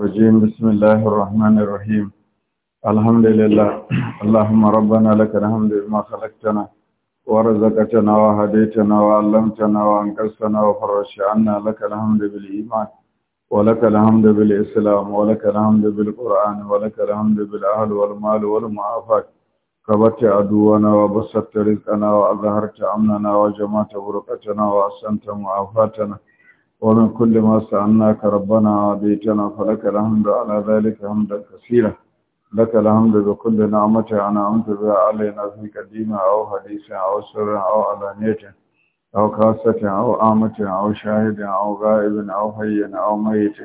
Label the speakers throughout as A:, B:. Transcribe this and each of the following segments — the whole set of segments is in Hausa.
A: الرجيم بسم الله الرحمن الرحيم الحمد لله اللهم ربنا لك الحمد بما خلقتنا ورزقتنا وهديتنا وعلمتنا وانقذتنا وفرجت لك الحمد بالإيمان ولك الحمد بالإسلام ولك الحمد بالقرآن ولك الحمد بالأهل والمال والمعافاة كبت عدونا وبسطت رزقنا وأظهرت أمننا وجمعت برقتنا وأحسنت معافاتنا ومن كل ما سألناك ربنا وعديتنا فلك الحمد على ذلك حمدا كثيرا لك الحمد بكل نعمة أنا أنعمت بها علينا في قديمة أو حديثة أو سر أو علانية أو خاصة أو آمة أو شاهد أو غائب أو حي أو ميت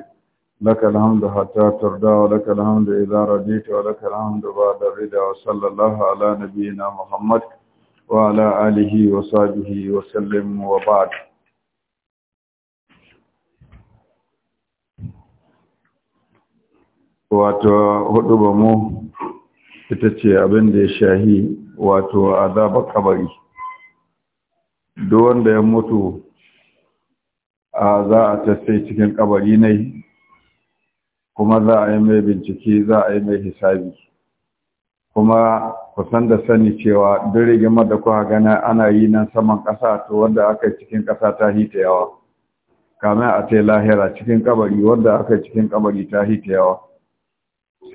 A: لك الحمد حتى ترضى ولك الحمد إذا رضيت ولك الحمد بعد الرضا وصلى الله على نبينا محمد وعلى آله وصحبه وسلم وبعد wato hudu ba mu ita ce abin da ya shahi wato azaba kabari duk wanda ya mutu a za a tattai cikin kabari ne kuma za a yi mai bincike za a yi mai hisabi kuma kusan da sani cewa duk rigimar da kuka gana ana yi nan saman ƙasa to wanda aka yi cikin ƙasa ta hita yawa kamar a ta lahira cikin kabari wanda aka yi cikin kabari ta hita yawa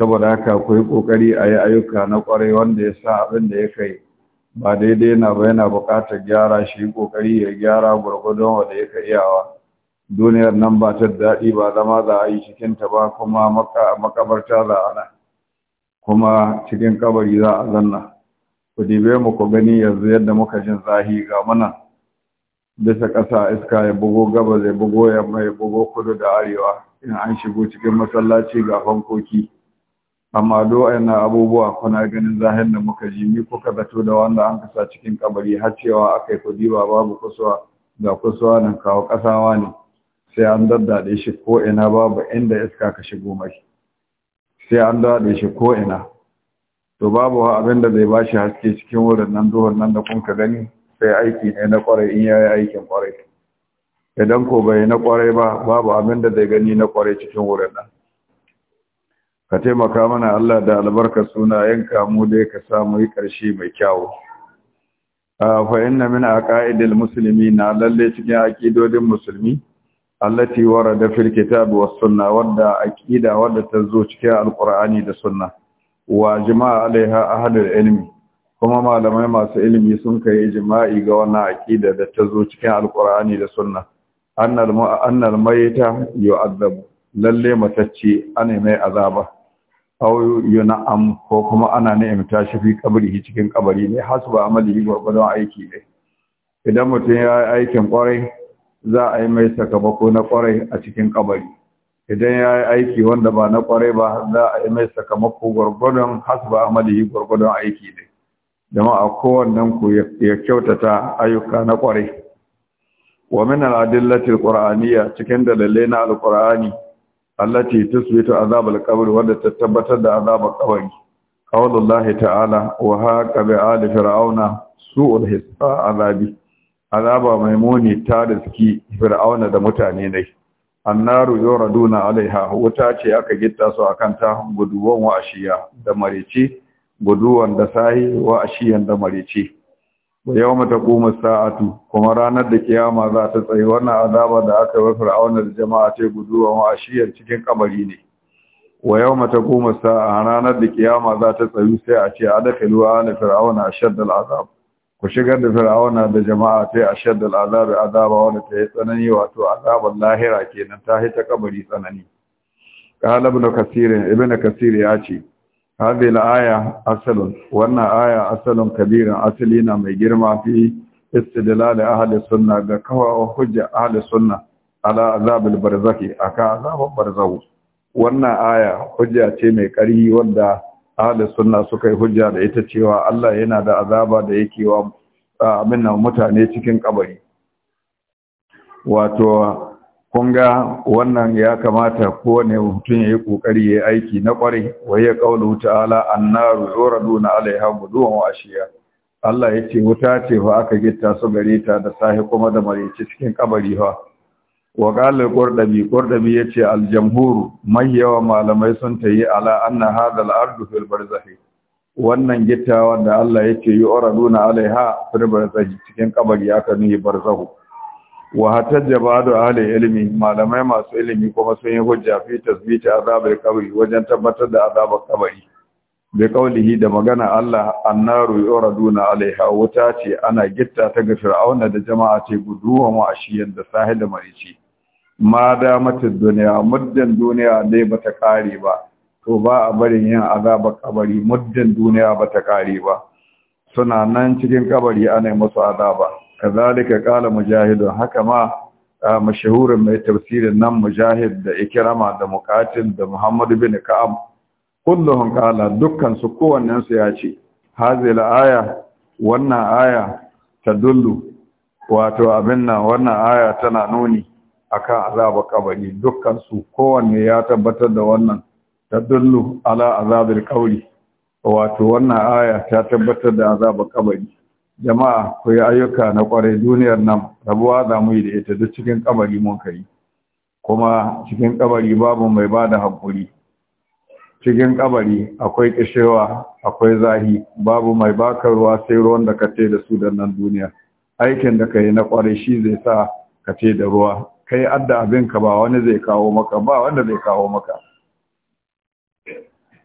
A: saboda haka ku yi ƙoƙari a yi ayyuka na ƙwarai wanda ya sa abin da ya kai ba daidai na ba yana buƙatar gyara shi ƙoƙari ya gyara gwargwadon wanda ya kai iyawa duniyar nan ba ta daɗi ba zama za a yi cikinta ba kuma makabarta za a nan kuma cikin kabari za a zanna ku dibe mu ku gani yanzu yadda muka jin zahi ga mana bisa ƙasa iska ya bugo gaba zai bugo yamma ya bugo kudu da arewa in an shigo cikin masallaci ga fankoki amma do'ayen na abubuwa kuna ganin zahin da muka ji ni kuka zato da wanda an kasa cikin kabari har cewa aka yi kudi ba babu kusuwa ga kusuwa nan kawo kasawa ne sai an daddaɗe shi ko ina babu inda iska ka shigo mai sai an daɗe shi ko ina to babu abin da zai bashi haske cikin wurin nan duhun nan da kun ka gani sai aiki ne na kwarai in yayi aikin kwarai idan ko bai na kwarai ba babu abin da zai gani na kwarai cikin wurin nan ka taimaka mana Allah da suna yanka mu dai ka samu yi ƙarshe mai kyawu fa inna min Musulmi na lalle cikin aƙidodin musulmi Allah allati warada fil kitab buwa suna wadda aƙida wadda ta zo cikin Alƙur'ani da sunna wa jima'a alaiha hadar ilimi, kuma malamai masu ilimi sun kai jima'i ga wannan aƙida da ta zo cikin Alƙur'ani da sunna annal ta mayta yu'adzabu lalle matacce ana mai azaba au am ko kuma ana neman shi fi kabari cikin kabari ne ba amali gurbadan aiki ne idan mutum ya yi aikin kwarai za a yi mai sakamako na kwarai a cikin kabari idan ya yi aiki wanda ba na kwarai ba za a yi mai sakamako gurbadan ba amali gurbadan aiki ne jama'a kowannen ku ya kyautata ayyuka na kwarai wa min al-adillati al-qur'aniyya cikin dalilai na al-qur'ani allati tusbitu azabal qabr wanda ta tabbatar da azabal qabri qawlullahi ta'ala wa haqa bi ali fir'auna su'ul hisba azabi azaba maimuni ta riski fir'auna da mutane ne annaru yuraduna alaiha wuta ce aka gitta su akan ta guduwan wa ashiya da marici guduwan da sahi wa ashiyan da marici wa yawma taqumu sa'atu kuma ranar da kiyama za ta tsaye wannan azaba da aka yi wa fir'auna da jama'a ce gudu wa ashiyar cikin kabari ne wa yawma taqumu sa'a ranar da kiyama za ta tsayu sai a ce adkhilu ana fir'auna ashaddal azab ku shigar da fir'auna da jama'a sai ashaddal azab azaba wanda ta yi tsanani wato azabar lahira kenan ta hita kabari tsanani qala ibn kasir ibn kasir ya ce hadhihi aya Asalin wannan aya asalun kabirin asali na mai girma fi istidlal ahli sunna ga kawa hujja ahli sunna ala azab al-barzakhi aka azab barzahu wannan aya hujja ce mai ƙarfi wanda ahli sunna suka yi hujja da ita cewa Allah yana da azaba da yake wa abin nan mutane cikin kabari wato Kunga wannan ya kamata kowane mutum ya yi ƙoƙari ya aiki na kwarai wai ya ƙaunu ta'ala annaru yoraduna alaiha guduwan wa ashiya Allah ya ce wuta ce fa aka gitta su gare ta da sahi kuma da mareci cikin kabari fa wa qala qurdabi qurdabi yace al jamhur mai yawa malamai sun tayi ala anna hadha al ardu fil barzakh wannan gitta wanda Allah yake yi oraduna alaiha fil barzakh cikin kabari aka nuyi barzakh wa hatta jabadu ahli ilmi malamai masu ilimi kuma sun yi hujja fi tasbiti azabar qabri wajen tabbatar da azabar kabari bi qawlihi da magana Allah annaru yuraduna alaiha wuta ce ana gitta ta ga fir'auna da jama'a ce guduwa wa ashiyan da sahil da marici ma da mata duniya muddan duniya ne bata kare ba to ba a barin yin azabar kabari muddin duniya bata kare ba suna nan cikin kabari ana musu azaba kazalika kala mujahid haka ma ah, mashahurin mai tafsirin nan mujahid da ikrama da muqatil da muhammad bin ka'ab kulluhum qala dukkan su kowannen su ya ce hazil aya wannan aya ta dullu wato abin nan wannan aya tana nuni akan azabar kabari dukkan su kowanne ya tabbatar da wannan ta dullu ala azabil qawli wato wannan aya ta tabbatar da azabar kabari jama'a ku yi ayyuka na kwarai duniyar nan rabuwa za mu yi da ita duk cikin kabari mun kai kuma cikin kabari babu mai ba da hankuri cikin ƙabari akwai kishewa akwai zahi babu mai baka ruwa sai ruwan da ka ce da su da nan duniya aikin da ka yi na kwarai shi zai sa ka ce da ruwa kai adda abin ka ba wani zai kawo maka ba wanda zai kawo maka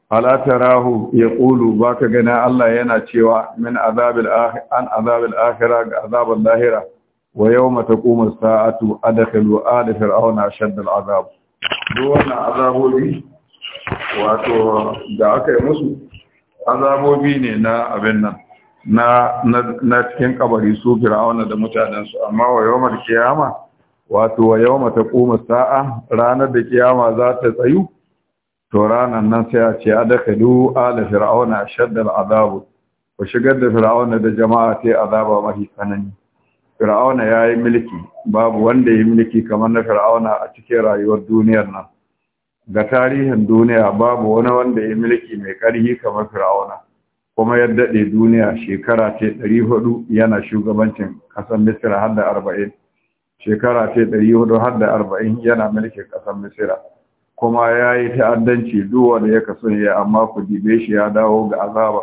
A: ala tarahu yaqulu ka gana Allah yana cewa min azabil akhir an azabil akhirah ga azabul lahira wa yawma taqumu as-sa'atu adkhilu ala fir'auna ashadda al-azab duwana azabobi wato da aka yi musu azabobi ne na abin nan na na cikin kabari su fir'auna da mutanensu amma wa yawmal ƙiyama? wato wa yawma taqumu sa'a ranar da kiyama za ta tsayu to ranan nan sai a ce du ala fir'auna ashadda azabu ku shigar da fir'auna da jama'a sai azaba mafi tsanani fir'auna yayi mulki babu wanda yayi mulki kamar na fir'auna a cikin rayuwar duniyar nan ga tarihin duniya babu wani wanda yayi mulki mai karhi kamar fir'auna kuma ya dade duniya shekara ce 400 yana shugabancin kasar Misra har da 40 shekara ce 400 har da 40 yana mulkin kasar misira. kuma ya yi ta'addanci duwa da ya kaso ya amma ku dibe shi ya dawo ga azaba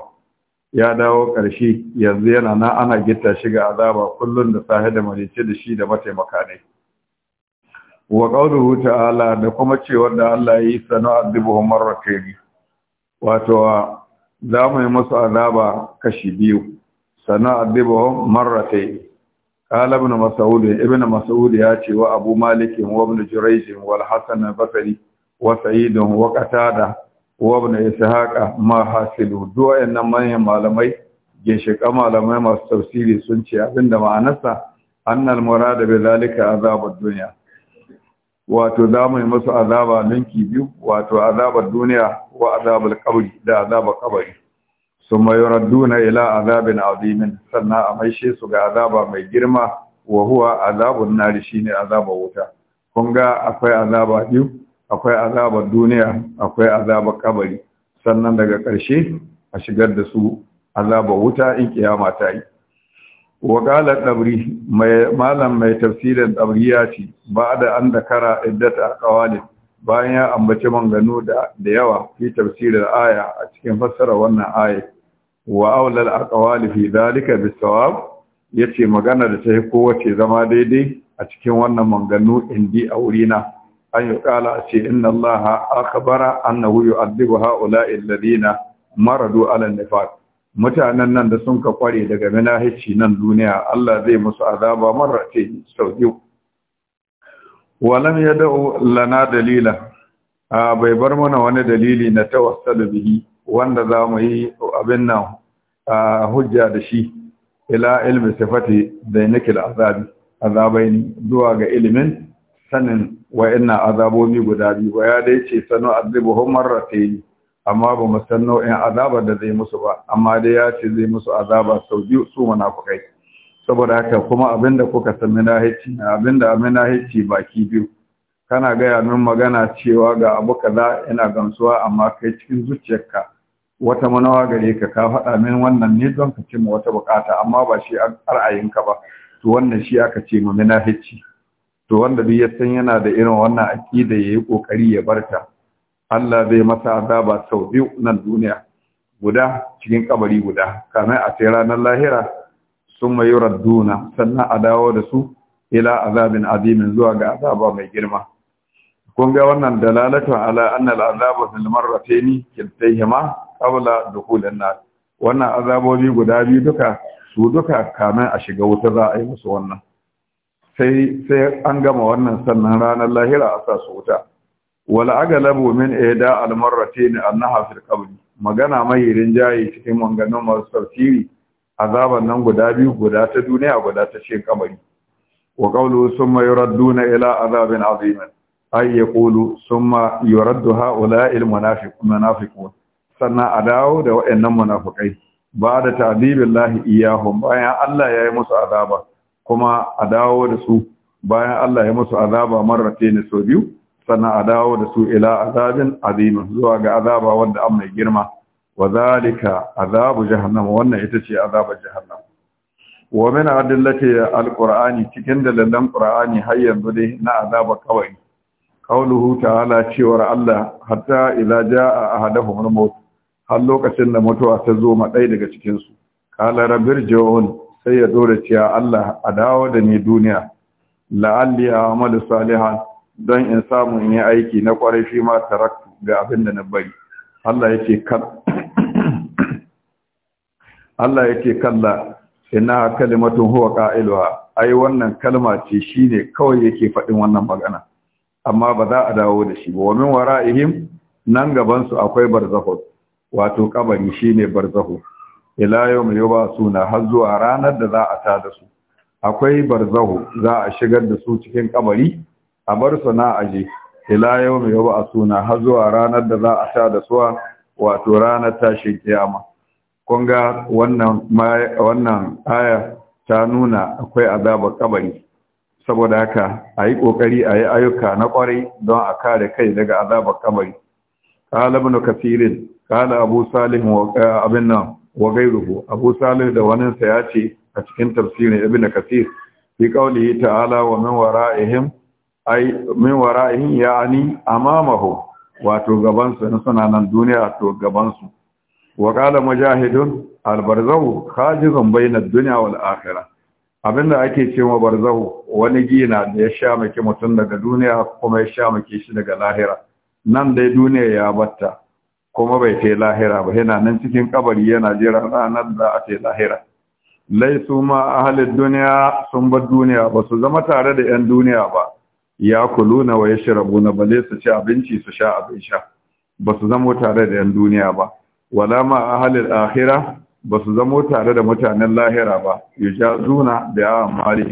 A: ya dawo ƙarshe yanzu yana na ana gita shi ga azaba kullum da sahi da marice da shi da mataimaka ne wa qawluhu ta'ala da kuma cewar da Allah ya yi sana azibuhum marratayn wato za mu yi musu azaba kashi biyu sana azibuhum marratayn qala ibn mas'ud ibn mas'ud ya ce wa abu Malikin wa ibn jurayj wal hasan wa sa'idun wa qatada wa ibn ishaqa ma hasilu duwayen nan manyan malamai ginshika malamai masu tafsiri sun ce abinda ma'anarsa annal murada da zalika azabud dunya wato za mu yi musu azaba ninki biyu wato azabar duniya wa azabar kabari da azabar kabari ثم يردون إلى عذاب عظيم سنة أميشي سوغا عذاب مي جرما وهو عذاب النار شيني wuta. Kun ga akwai azaba biyu? akwai azabar duniya akwai azabar kabari sannan daga ƙarshe a shigar da su azabar wuta in kiyama ta yi wakalar ɗabri mai malam mai tafsirin ɗabri ya ce ba da an da kara iddata a bayan ya ambaci manganu da yawa fi tafsirin aya a cikin fassara wannan aya wa aulal aqwali fi dhalika bisawab yace magana da ta yi kowace zama daidai a cikin wannan manganu indi a wurina an yi ƙala a ce inna allaha akabara annahu yu'adhibu ha'ula'i alladhina maradu mutanen nan da sun ka kware daga minahici nan duniya Allah zai musu azaba marrate sau biyu walam yad'u lana dalila bai bar mana wani dalili na da bihi wanda za mu yi abin nan hujja da shi ila ilmi sifati da nikil azabi azabaini zuwa ga ilimin sanin na azabomi guda biyu ba ya dai ce sanu ta yi, amma ba mu san nau'in azabar da zai musu ba amma dai ya ce zai musu azaba sau biyu su munafukai saboda haka kuma abinda kuka san minahici abinda minahici baki biyu kana gaya min magana cewa ga abu kaza ina gamsuwa amma kai cikin zuciyarka wata manawa gare ka ka faɗa min wannan ne don ka cimma wata bukata amma ba shi ra'ayinka ba to wannan shi aka ce ma minahici to wanda duk ya san yana da irin wannan akida yayi kokari ya barta Allah zai masa azaba sau biyu nan duniya guda cikin kabari guda kamar a sai ranar lahira sun mai radduna sannan a dawo da su ila azabin azimin zuwa ga azaba mai girma kun ga wannan dalalatu ala annal azaba fil marratayn kiltayhima qabla dukhulin nar wannan azabobi guda biyu duka su duka kamar a shiga wuta za a yi musu wannan sai sai an gama wannan sannan ranar lahira a sa su wuta wala agalabu min ida almarratin annaha fil qabr magana mai rinjaye cikin maganganun masu tafsiri azaban nan guda biyu guda ta duniya guda ta ce kamari wa qawlu summa yuradduna ila azabin azim ay yaqulu summa yuraddu haula al munafiqun sannan a dawo da wa'annan munafikai ba da ta'dibillahi iyahum bayan Allah ya yi musu azaba kuma a dawo da su bayan Allah ya musu azaba marrate ne sau biyu sannan a dawo da su ila azabin azimin zuwa ga azaba wanda an mai girma wa zalika azabu jahannam wannan ita ce azabar jahannam wa min adillati alqur'ani cikin dalilan qur'ani har yanzu dai na azaba kawai qauluhu ta'ala cewar Allah hatta ila jaa ahaduhum al-maut har lokacin da mutuwa ta zo ma dai daga cikin su qala rabbirji'un sai ya dora cewa Allah a dawo da ni duniya la'alli a'malu salihan don in samu in yi aiki na kwarai shi ma taraktu ga abin da na bari Allah ce kan Allah kalla ina kalimatun huwa qailuha ai wannan kalma ce shine kawai yake faɗin wannan magana amma ba za a dawo da shi ba wa min wara'ihim nan gaban su akwai barzakh wato kabari shine barzakh ila yau mai ba suna har zuwa ranar da za a ta da su akwai barzahu za a shigar da su cikin kabari a bar su na aje ila yau mai ba suna har zuwa ranar da za a ta da su wato ranar tashin kiyama kun ga wannan wannan aya ta nuna akwai azabar kabari saboda haka a yi ƙoƙari a yi ayyuka na ƙwarai don a kare kai daga azabar kabari ƙala kasirin ƙala abu salih eh, abin nan wa gairuhu abu salih da waninsa ya ce a cikin tafsirin ibn kasir fi qawlihi ta'ala wa min wara'ihim ay min wara'ihim ya'ani amamahu wato gaban su na nan duniya to gaban su wa qala mujahidun barzahu khajizun bayna ad-dunya wal akhirah abinda ake cewa barzahu wani gina da ya shamake mutum daga duniya kuma ya shamake shi daga lahira nan dai duniya ya batta kuma bai kai lahira ba yana nan cikin kabari yana jira ranar da a kai lahira laisu ma ahalin duniya sun bar duniya ba su zama tare da 'yan duniya ba ya kulu na waye rabu na bale su ci abinci su sha abin sha ba su zama tare da 'yan duniya ba wala ma ahalin ahira ba su zama tare da mutanen lahira ba yujazuna da yawan mali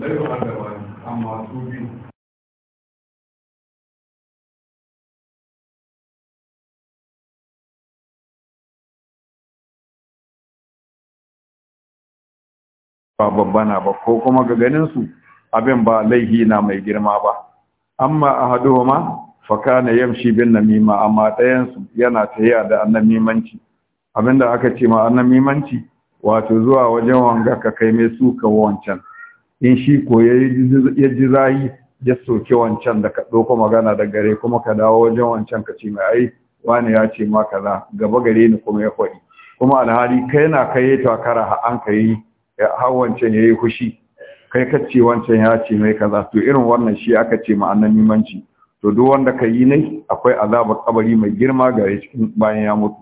B: bai ba da wani ba ko kuma ga ganinsu abin ba laihi na
A: mai girma ba amma ahaduhuma fakana yamshi bin namima amma ɗayansu yana tsaye da annamimanci abinda aka ce ma annamimanci wato zuwa wajen wanga ka kai mai suka wancan in shi ko ya ji zayi ya soke wancan da ka ɗauko magana da gare kuma ka dawo wajen wancan ka ce mai ai wani ya ce ma kaza gaba gare ni kuma ya faɗi kuma alhali kai na kai ya takara an ka yi har wancan ya yi fushi kai ka ce wancan ya ce mai kaza to irin wannan shi aka ce ma annan to duk wanda ka yi nai akwai azabar kabari mai girma gare cikin bayan ya mutu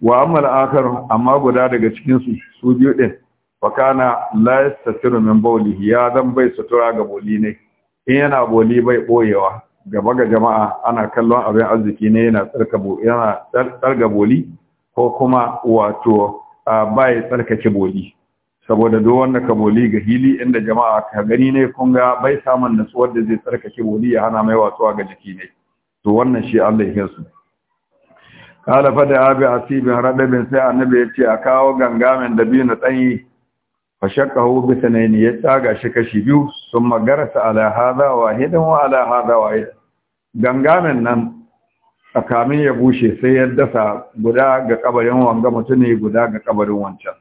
A: wa amma al'akar amma guda daga cikin su su biyu din fakana la yastatiru min bawlihi ya dan bai sutura ga boli ne in yana boli bai boyewa gaba ga jama'a ana kallon abin arziki ne yana tsarka yana tsarga boli ko kuma wato bai tsarkake boli saboda duk wanda ka boli ga hili inda jama'a ka gani ne kun ga bai samun nutsuwar da zai tsarkake boli ya hana mai watsuwa ga jiki ne to wannan shi Allah ya su kala da abi asibin radabin sai annabi ya ce a kawo gangamin dabino tsanyi fa shaqahu bi sanayn ya tsaga shi kashi biyu sun garasa ala hadha wahidan wa ala hadha wahid gangamen nan akamin ya bushe sai ya dasa guda ga kabarin wanga mutune guda ga kabarin wancan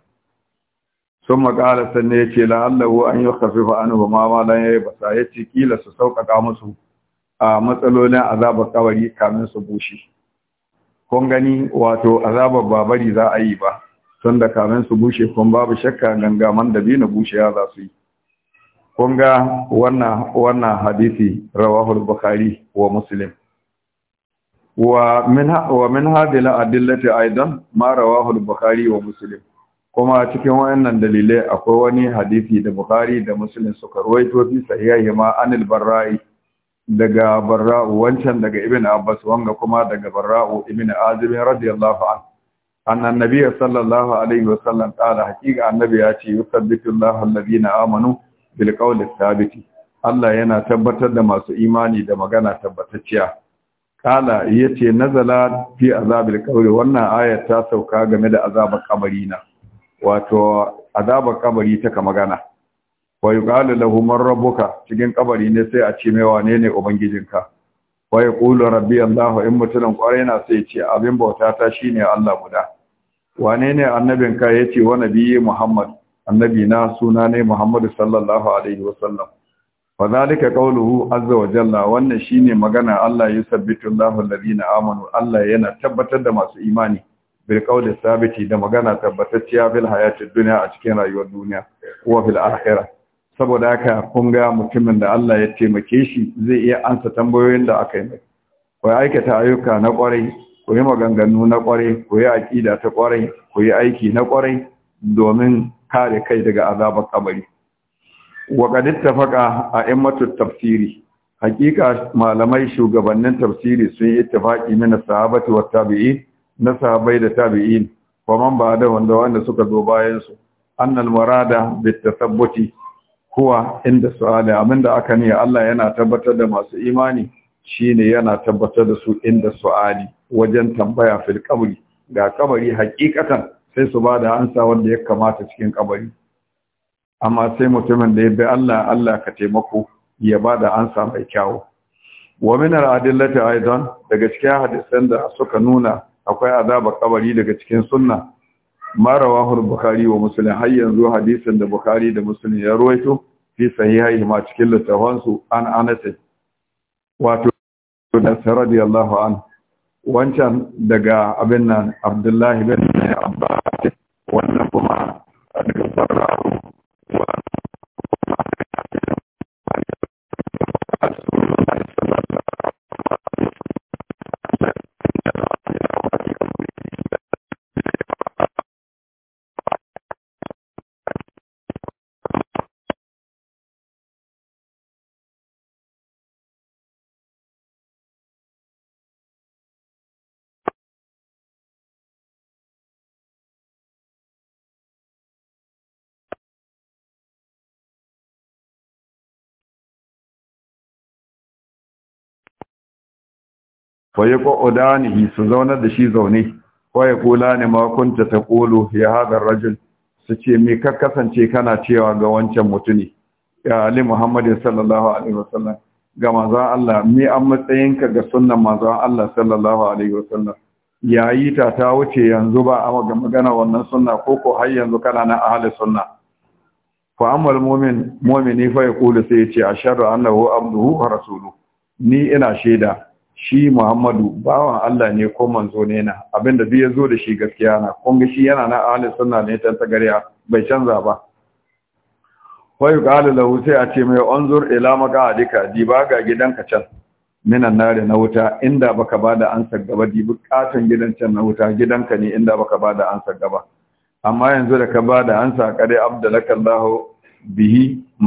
A: sun makala sannan ya ce la'allahu an yi kafifa an ba ma don ya yi basa ya ce kila su sauƙaƙa musu a matsalolin azabar kabari kamin su bushe kun gani wato azabar babari za a yi ba sun da kamin su bushe kun babu shakka gangaman da bushe ya za su yi kun ga wannan wannan hadisi rawahul bukhari wa muslim wa min wa min hadhihi aidan ma rawahul bukhari wa muslim kuma cikin wayannan dalilai akwai wani hadisi da Bukhari da Muslim suka ruwaito fi sahihi ma anil barra'i daga barra'u wancan daga Ibn Abbas wanga kuma daga barra'u Ibn Azib radiyallahu anhu annan nabiyyu sallallahu alaihi wa sallam qala haqiqa annabi ya ce yusabbitu alladhina amanu bil qawli thabit Allah yana tabbatar da masu imani da magana tabbatacciya kala yace nazala fi azabil qabri wannan ayat ta sauka game da azabar kabari na wato azabar kabari ta ka magana wa yuqalu lahu man rabbuka cikin kabari ne sai a ce mai wane ne ubangijinka wa yaqulu rabbi allah in mutunan kwarai na sai ce abin bauta ta shine allah guda wane ne annabin ka yace wa nabiyyi muhammad annabi na suna ne Muhammadu sallallahu alaihi wasallam wa zalika qawluhu azza wa jalla wannan shine magana allah yusabbitu allahu alladhina amanu allah yana tabbatar da masu imani bil qawli sabiti da magana tabbatacciya fil hayatid duniya a cikin rayuwar duniya wa fil akhirah saboda haka kun ga mutumin da Allah ya taimake shi zai iya ansa tambayoyin da aka yi mai ya aikata ayyuka na kwarai ko yi maganganu na kwarai ko yi aƙida ta kwarai ko yi aiki na kwarai domin kare kai daga azabar kabari wa qad a immatu tafsiri hakika malamai shugabannin tafsiri sun yi ittifaqi min sahabati wa tabi'in na sahabbai da tabi'in wa man da wanda wanda suka zo bayan su annal murada bit tasabbuti Kuwa, inda abin da aka ne Allah yana tabbatar da masu imani shine yana tabbatar da su inda su'ali wajen tambaya fil kabri ga kabari hakikatan sai su bada ansa wanda ya kamata cikin kabari amma sai mutumin da ya bi Allah Allah ka taimako ya bada ansa mai kyau wa min al-adillati aidan daga cikin hadisan da suka nuna akwai azabar kabari daga cikin sunna marawahul rawahu bukhari wa muslim har yanzu hadisin da bukhari da muslim ya ruwaito fi sahihai ma cikin littafan su an anas wato da Allahu an wancan daga abin nan abdullahi bin abbas wannan kuma daga
B: sarra fa hi su zaunar
A: da shi zaune kula ne ma kunta ta Kulu, ya hada rajul su ce me ka kasance kana cewa ga wancan mutune ya ali muhammad sallallahu alaihi wasallam ga manzon Allah me an matsayinka ga sunnan manzon Allah sallallahu alaihi wasallam yayi ta ta wuce yanzu ba a magana wannan sunna ko ko har yanzu kana na ahli sunna fa amal mu'min mu'mini fa yaqulu sai ya ce asharu annahu abduhu wa rasuluhu ni ina shaida shi Muhammadu bawan Allah ne ko manzo ne na abinda zai zo da shi gaskiya na kun ga shi yana na ahli sunna ne ta gariya bai canza ba wai qala lahu sai a ce mai anzur ila maqadika diba ga gidanka can minan nare na wuta inda baka bada ansa gaba dibi katon gidan can na wuta gidanka ne inda baka bada ansa gaba amma yanzu da ka bada ansa kare abdulakallahu bihi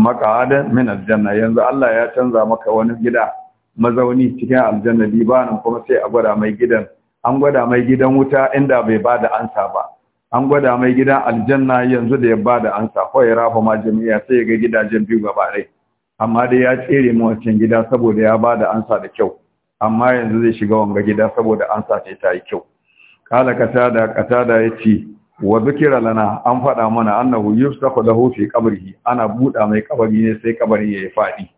A: maqadan min aljanna yanzu Allah ya canza maka wani gida mazauni cikin aljanna nan kuma sai a gwada mai gidan an gwada mai gidan wuta inda bai ba da ansa ba an gwada mai gidan aljanna yanzu da ya ba da ansa ya rafa ma jami'a sai ya ga gidajen biyu gaba ɗaya amma dai ya tsere mu wancan gida saboda ya ba da ansa da kyau amma yanzu zai shiga wanga gida saboda ansa ce ta yi kyau kala katada katada ce wa zikira lana an faɗa mana annahu yufsahu lahu fi qabrihi ana buɗa mai kabari ne sai kabari yayi faɗi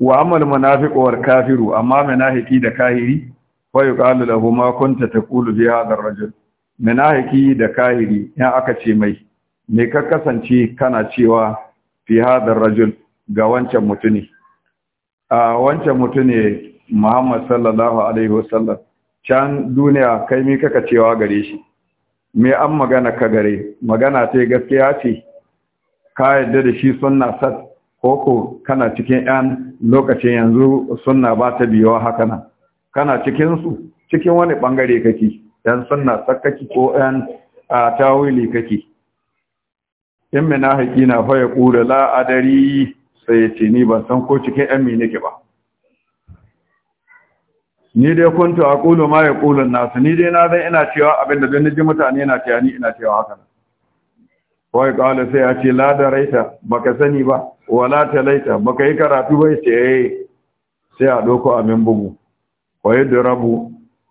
A: wa amal munafiqu wal kafiru amma manahiki da kahiri fa yuqalu lahu ma kunta taqulu bi hadha ar-rajul munafiki da kahiri ya aka ce mai me ka kasance kana cewa fi hadha ar-rajul ga wancan mutune a wancan mutune Muhammad sallallahu alaihi wasallam can duniya kai me kaka cewa gare shi me an magana ka gare magana ta gaskiya ce ka yadda da shi sunna sat koko kana cikin yan lokacin yanzu sunna ba ta biyuwa haka nan kana cikin su cikin wani bangare kake yan sunna tsakaki ko yan tawili kake in mina haƙi na fa ya ƙura la'adari sai ya ce ni ban san ko cikin yan mi nake ba ni dai kuntu aqulu ma yaqulu an-nas ni dai na zan ina cewa abinda dan ji mutane na cewa ni ina cewa haka wai kawai eh. sai a ce ladaraita baka sani ba wala talaita baka yi karatu bai ce yi. sai a doko min bugu wai durabu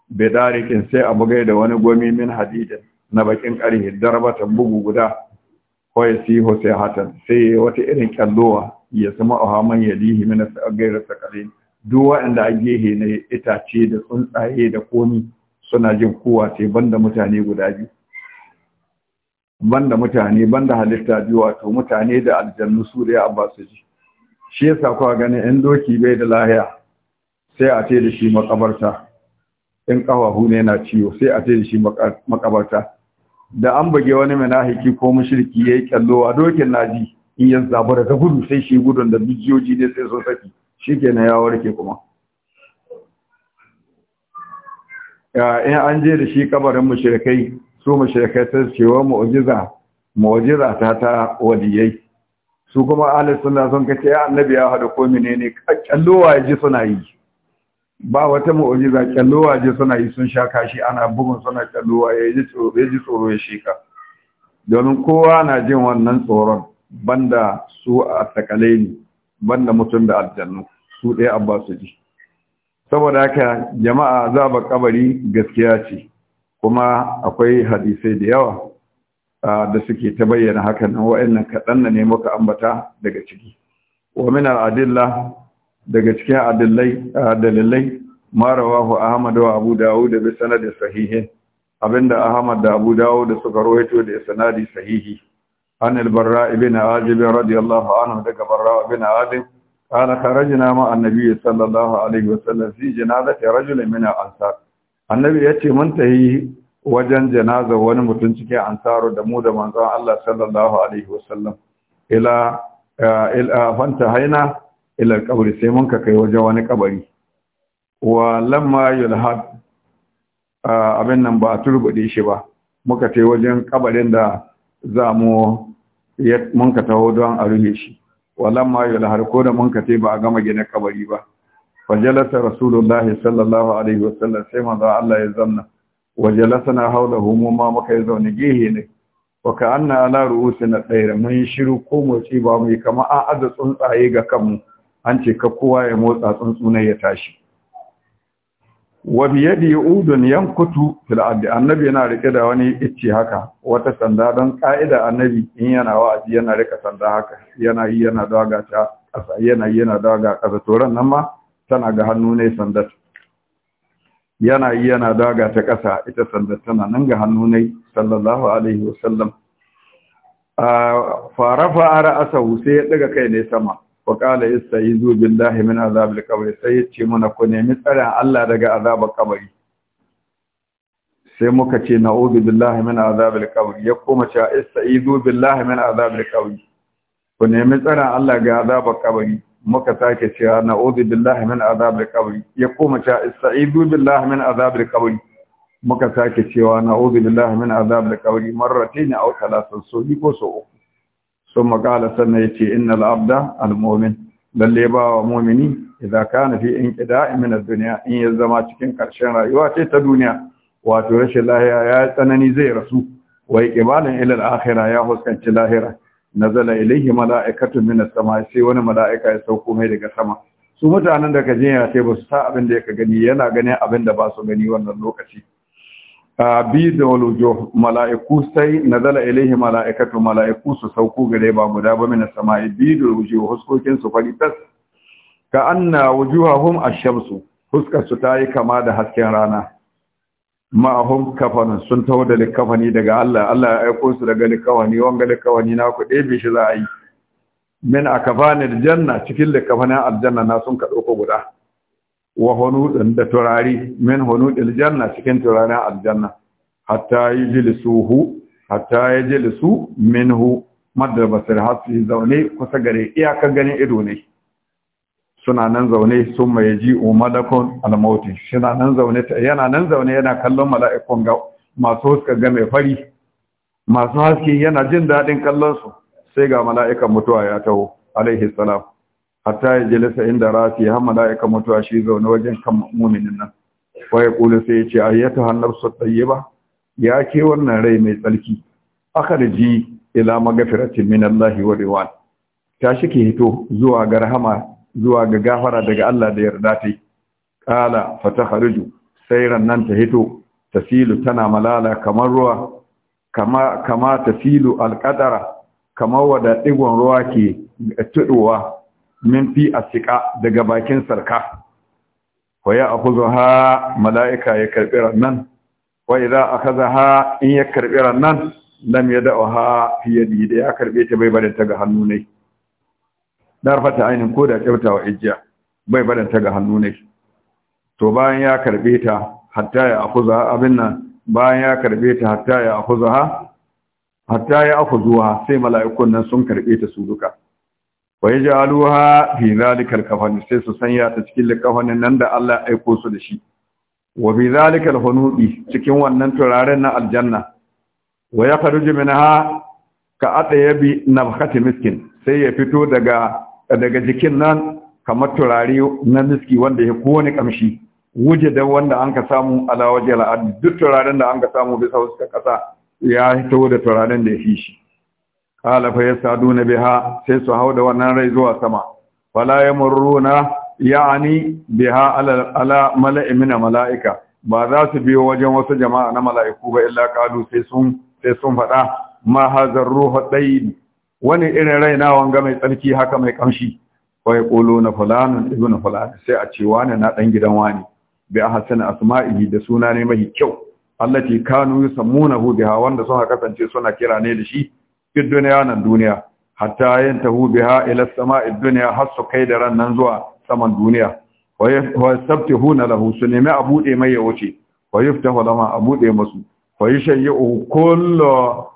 A: bi darikin sai a bugai da wani gomi min hadidin na bakin karhe darabatan bugu guda wai si ho sai hatan sai wata irin kallowa ya sama a haman yadihi min sa'agaira sakalin duk wanda a gehe na itace da tsuntsaye da komi suna jin kowa sai banda mutane guda biyu banda mutane banda halitta biyu wato mutane da aljannu su da ya su ji shi yasa kuwa ganin in doki bai da lahiya sai a ce da shi makabarta in kafahu ne na ciwo sai a ce da shi makabarta da an buge wani manahiki ko mushriki yayi kallowa dokin naji in ya zabu daga gudu sai shi gudun da bijiyoji ne sai so saki shikenan ya warke kuma in an je da shi kabarin mushrikai su ma ta cewa mu'ujiza ma'ujiza ta ta waliyai su kuma ahalar suna son kace ya annabi ya haɗa ko menene kyallowa ji suna yi ba wata mu'ujiza kyallowa ji suna yi sun sha kashi ana bugun suna ƙyallowa, ya ji tsoro ya ji tsoro domin kowa na jin wannan tsoron banda su a takalai ne banda mutum da aljannu su ɗaya abba su ji saboda haka jama'a za ba kabari gaskiya ce kuma akwai hadisai da yawa da suke ta bayyana hakan wa'annan kaɗan ne muka ambata daga ciki wa min al'adilla adilla daga cikin adillai dalilai ma rawahu ahmad wa abu da bisa bi da sahihi. abinda ahmad da abu da suka rohoto da sanadi sahihi an albarra barra ibn azib radiyallahu anhu daga barra ibn azib kana خرجنا ma annabi sallallahu alaihi wasallam fi في rajulin min al-ansar annabi ya ce mun tayi wajen janaza wani mutum cikin ansaru da mu da manzon Allah sallallahu alaihi wasallam ila ila fanta haina ila kabari sai mun ka kai wajen wani kabari wa lamma yulhad abin nan ba turbude shi ba muka tai wajen kabarin da za mu mun ka taho don a rufe shi wa lamma yulhad ko da mun ka tai ba a gama gina kabari ba fajalasa rasulullahi sallallahu alaihi wasallam sai manzo Allah ya zanna wajalasana haulahu mu ma muka yi zaune gehe ne wa ka anna na ru'usina daira mun shiru ko motsi ba mu kama an aza tsuntsaye ga kanmu an ce ka kowa ya motsa tsuntsune ya tashi wa bi yadi udun yankutu fil ardi annabi yana rike da wani icce haka wata sanda don ka'ida annabi in yana wa'azi yana rika sanda haka yana yi yana daga ta kasa yana yi yana daga kasa to ran nan ma tana ga hannu ne sandar yana yi yana daga ta ƙasa ita sandar tana nan ga hannu ne sallallahu alaihi wasallam farafa ara asa sai ya daga kai ne sama wa qala istaizu billahi min azabil qabr sai ya ce mana ku nemi tsarin Allah daga azabar kabari sai muka ce na'udhu billahi min azabil qabr ya kuma ce istaizu billahi min azabil qabr ku nemi tsarin Allah ga azabar kabari muka sake cewa na'udhu billahi min azabil qabr ya koma cewa ista'idu billahi min azabil qabr muka sake cewa na'udhu billahi min azabil qabr marratayn aw thalathan so ko so uku sun makala sannan ya ce innal abda almumin lalle ba wa mumini idza kana fi inqida'in min ad-dunya in ya zama cikin karshen rayuwa ce ta duniya wato rashin lahiya ya tsanani zai rasu wai qibalan ila al-akhirah ya huskanci lahira nazala ilaihi mala'ikatu min as-sama sai wani mala'ika ya sauko mai daga sama su mutanen da ka jiya sai ba su sa abin da yake gani yana ganin abin da ba su gani wannan lokaci bi da walujo mala'iku sai nazala ilaihi mala'ikatu mala'iku su sauko gare ba guda ba min as-sama'i bi da walujo huskokin su fari tas ka anna wujuhahum ash-shamsu huskar su tayi kama da hasken rana hum kafan sun taho da likafani daga Allah Allah ya aiko su daga likafani wanga likafani na ku ɗebe shi za a yi min da janna cikin likafanin aljanna na sun ka ɗauko guda wa hunudin da turari min hunudil janna cikin turarin aljanna hatta yajlisuhu hatta yajlisu minhu madda basir hasu zaune kusa gare iyaka ganin ido ne suna nan zaune sun mai ji umalakon almauti suna nan zaune yana nan zaune yana kallon mala'ikun ga masu huska ga mai fari masu haske yana jin daɗin kallon su sai ga mala'ikan mutuwa ya taho alaihi salam hatta ya da inda rafi har mala'ikan mutuwa shi zaune wajen kan muminin nan waya kula sai ya ce ayyatu yi tayyiba ya ke wannan rai mai tsarki ji ila magfiratin minallahi wa tashi ke hito zuwa ga rahama zuwa ga gafara daga Allah da yarda ta yi kala kharuju sai nan ta hito tafilu tana malala kamar ruwa kama kama tafilu alqadara kama wada digon ruwa ke tuduwa min fi asika daga bakin sarka waya ha malaika ya karbi rannan wa idza akhazaha in ya karbi rannan lam yad'aha fi yadi da ya karbe ta bai bare ta ga hannu ne darfata ainin ko da kyautawa ijiya bai badanta ga hannu ne to bayan ya karbe ta hatta ya akuza abin nan bayan ya karbe ta hatta ya akuza hatta ya akuzuwa sai mala'ikun nan sun karbe ta su duka wai jaluha fi zalikal kafani sai su sanya ta cikin likafanin nan da Allah ya aiko su da shi wa bi zalikal hunubi cikin wannan turaren na aljanna wa kharuju minha ka bi nabhati miskin sai ya fito daga daga jikin nan kamar turare na miski wanda ya kowane kamshi da wanda an ka samu ala waje al'adu duk turaren da an ka samu bisa wasu kasa ya hito da turaren da ya fi shi kala fa na biha sai su hau da wannan rai zuwa sama wala ya ya'ani biha ala ala mala'i mala'ika ba za su biyo wajen wasu jama'a na mala'iku ba illa kalu sai sun sai sun faɗa, ma hazar ruhu ɗaya wani irin rai raina wanga mai tsarki haka mai kamshi wai kolo na fulanun ibnu fulan sai a ce wani na dan gidan wani bi ahsan asma'ihi da suna ne mai kyau allati kanu yusammunahu biha wanda suka kasance suna kira ne da shi fi duniya nan duniya hatta yantahu biha ila sama'i dunya su kai da ran nan zuwa saman duniya wai sabtihuna lahu a abude mai ya wuce ta yaftahu lama abude masu wai shayyu kullu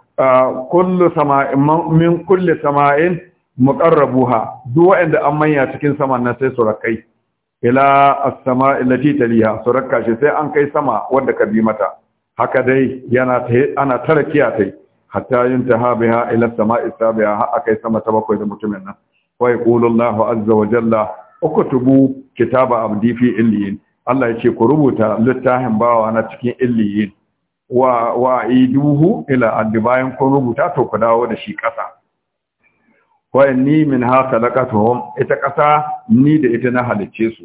A: kullu sama'in min kulli sama'in muqarrabuha duk wanda an manya cikin saman nan sai surakai ila as-sama'i allati taliha suraka shi sai an kai sama wanda ka bi mata haka dai yana ana tarakiya tai hatta yuntaha biha ila as-sama'i sabiha har akai sama ta bakwai da mutumin nan wa yaqulu Allahu azza wa jalla uktubu kitaba abdi fi illiyin Allah yace ku rubuta littafin bawa na cikin illiyin wa wa iduhu ila addi bayan kun rubuta to ku dawo da shi ƙasa wa ni min ha khalaqatuhum ita ƙasa ni da ita na halicce su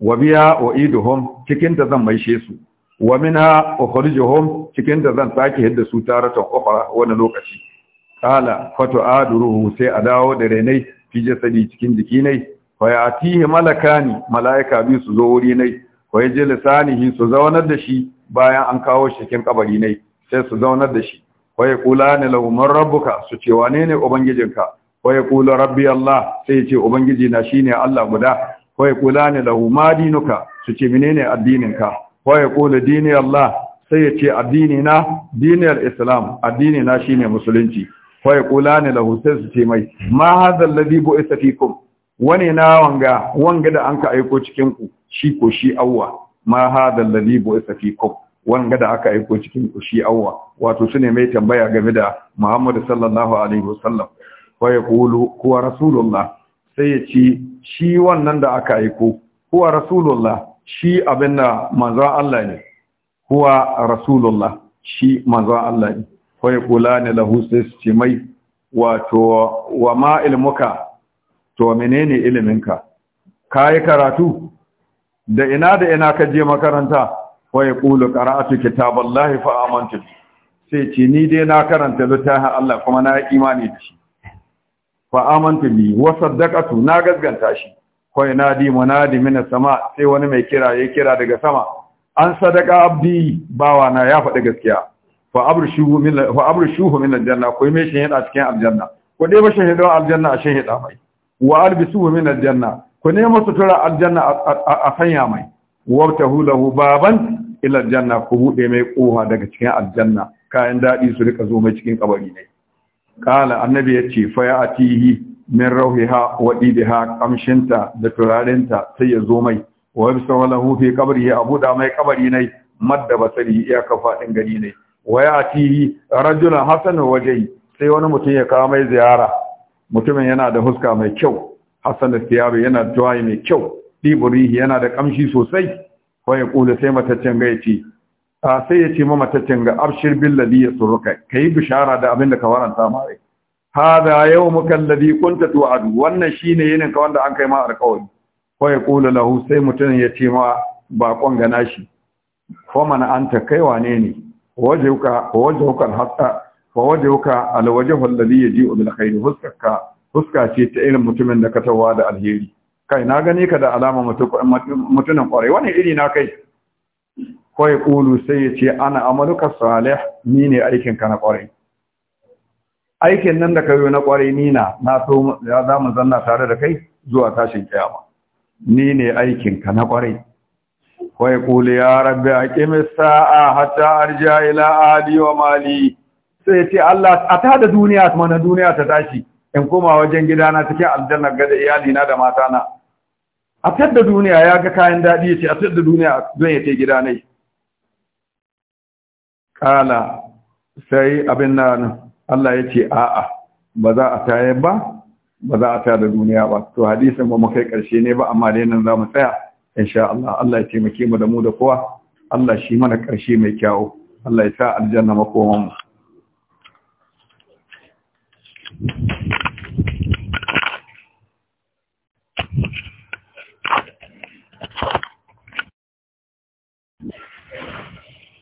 A: wa biya wa iduhum cikin ta zan maishe su wa minha ukhrijuhum cikin ta zan sake hidda su taratan ukhra wani lokaci qala fatu'aduruhu sai a dawo da renai fi jasadi cikin jiki nai fa ya'tihi malakani malaika bi su zo wuri nai fa yajlisanihi su zaunar da shi bayan an kawo shi cikin kabari ne sai su zaunar da shi wa yaqulani lahu man rabbuka su ce wane ne ubangijinka wa kula rabbi allah sai ya ce ubangiji na shine allah guda wa yaqulani lahu ma dinuka su ce menene addininka wa kula dini allah sai ya ce addini na diniyar islam addini na shine musulunci wa ne lahu sai su ce mai ma hadha alladhi bu'itha fikum wane na wanga wanga da anka aiko cikin ku shi ko shi awwa ma hadha alladhi bu'itha fikum wanga da aka aiko cikin ushi awwa wato su ne mai tambaya game da Muhammadu sallallahu alaihi wasallam wa yaqulu huwa rasulullah sai ya ci shi wannan da aka aiko huwa rasulullah shi abin da manzo Allah ne huwa rasulullah shi manzo Allah ne wa yaqulani lahu sai mai wato wa ma ilmuka to menene iliminka kai karatu da ina da ina ka je makaranta wa yaqulu qara'atu kitaballahi fa amantu sai ce ni dai na karanta littafin Allah kuma na yi imani da shi fa amantu bi wa saddaqatu na gaskanta shi fa yanadi munadi min sama sai wani mai kira ya kira daga sama an sadaka abdi bawa na ya faɗi gaskiya fa abrishuhu min fa abrishuhu min aljanna ko mai shi cikin aljanna ko dai ba shahidan aljanna a shahida mai wa albisuhu min aljanna ku nemo sutura aljanna a hanya mai wabtahu lahu baban ilar janna ko buɗe mai ƙoha daga cikin aljanna kayan daɗi su rika zo mai cikin kabari ne kala annabi ya ce faya a tihi min waɗi da ha kamshinta da turarenta sai ya zo mai wa yabsa wala hu fi qabri ya abuda mai kabari ne madda basari ya kafa din gari ne wa ya atihi rajula hasanun waje sai wani mutum ya kawo mai ziyara mutumin yana da huska mai kyau Hassan da yana da mai kyau ɗiburi yana da ƙamshi sosai wa ya kula sai mataccen ga ya A sai ya ma mataccen ga abshir bil ladhi yasruka kai bishara da abin da ka waranta ma hada yawmuka alladhi kunta tu'ad wannan shine yinin ka wanda an kai ma alƙawari wa ya kula lahu sai mutun ya ma ma bakon ga nashi fa mana anta kai wane ne wajhuka wajhuka hatta fa wajhuka alwajhu alladhi yaji'u bil khair huskaka huska ce ta irin mutumin da ka tawa da alheri kai na gani ka da alama mutunan kwarai wani iri na kai kawai ƙulu sai ya ce ana amaluka salih ni ne aikinka na kwarai aikin nan da ka yi na kwarai ni na na so ya za mu zanna tare da kai zuwa tashin kyawa ni ne aikinka na kwarai kawai ƙulu ya rabbi a ƙimis a hatta arja ila adi wa mali sai ya ce Allah a ta da duniya mana duniya ta tashi in koma wajen gidana cikin aljannar gada iyalina da matana a da duniya ya ga kayan daɗi ya ce a da duniya don ya ce gida nai. ƙala sai abin nan Allah ya ce a'a ba za a tayar ba ba za a tayar da duniya ba to hadisun ba mu kai ƙarshe ne ba amma dai nan za mu tsaya sha Allah Allah ya taimake mu da mu da kowa Allah shi mana ƙarshe mai kyawu Allah ya sa aljanna makoman mu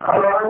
A: Allah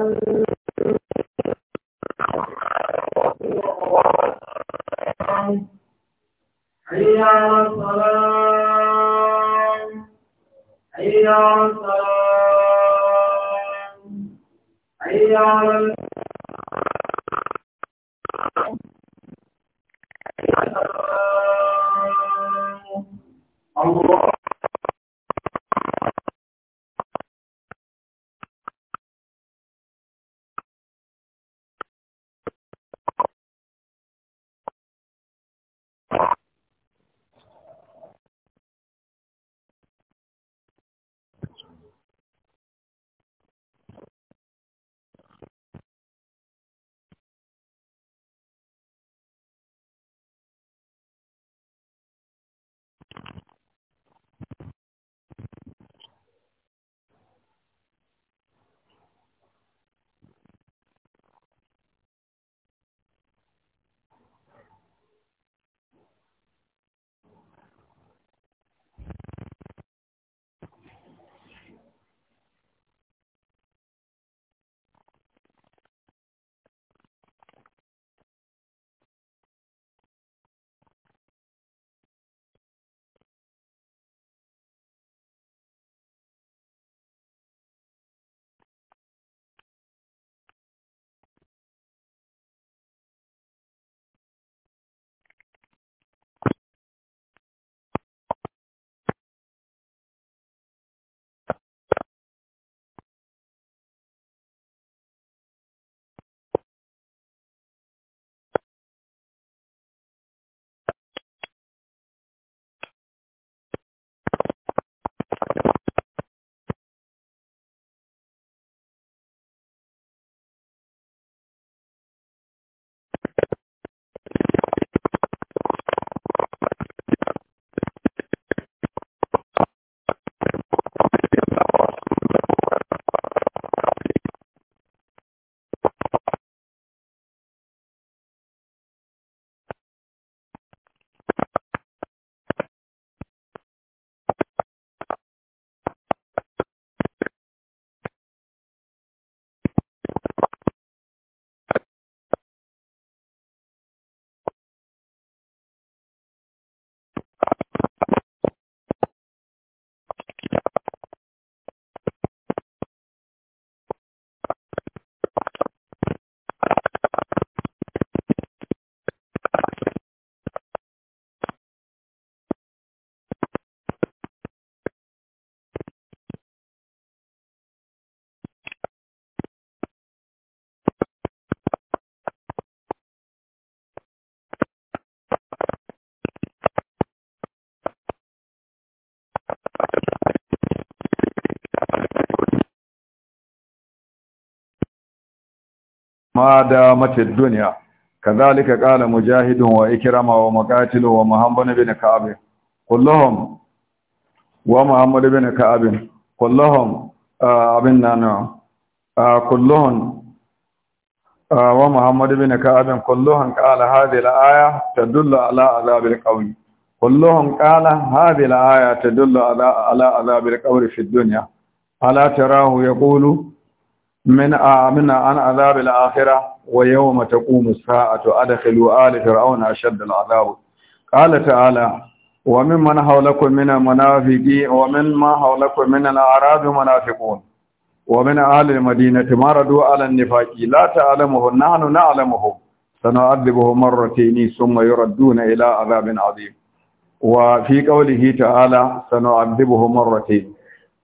A: ma da duniya kazalika qala mujahidin wa ikirama wa maqatil wa muhammadu bin ka'ab wa bin abin nana kulluhum wa muhammad bin ka'ab kulluhum qala hadhihi al-aya tadullu ala azabil qawmi kulluhum qala hadhihi al-aya tadullu ala fi من آمنا عن عذاب الآخرة ويوم تقوم الساعة أدخلوا آل فرعون أشد العذاب قال تعالى ومن من حولكم من المنافقين ومن ما حولكم من الأعراب منافقون ومن آل المدينة مردوا على النفاق لا تعلمه نحن نعلمه سنعذبه مرتين ثم يردون إلى عذاب عظيم وفي قوله تعالى سنعذبه مرتين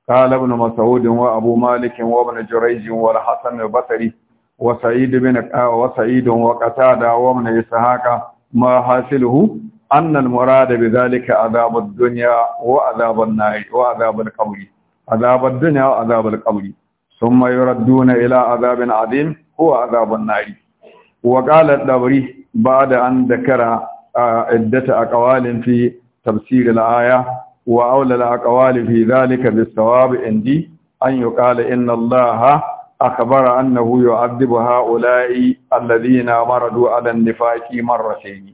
A: قال ابن مسعود وابو مالك وابن جريج والحسن البصري وسعيد بن وسعيد وقتادة وابن إسحاق ما حاصله أن المراد بذلك عذاب الدنيا وعذاب النار وعذاب القبر عذاب الدنيا وعذاب القبر ثم يردون إلى عذاب عظيم هو عذاب النار وقال الدبري بعد أن ذكر عدة أقوال في تفسير الآية wa aula al-aqwali fi dhalika bis-sawab indi an yuqala inna Allah akhbara annahu yu'adhibu ha'ula'i alladhina maradu 'ala an-nifaqi marratayn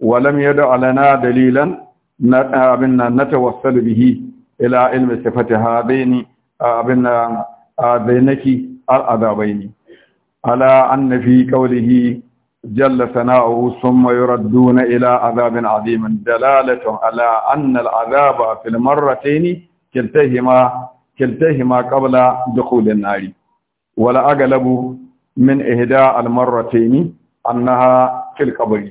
A: wa lam yad'a lana dalilan abinna natawassalu bihi ila ilmi sifati hadaini abinna hadainaki al-adabaini ala anna fi qawlihi جل ثناؤه ثم يردون إلى عذاب عظيم دلالة على أن العذاب في المرتين كلتهما كلتهما قبل دخول النار ولا أغلب من إهداء المرتين أنها في القبر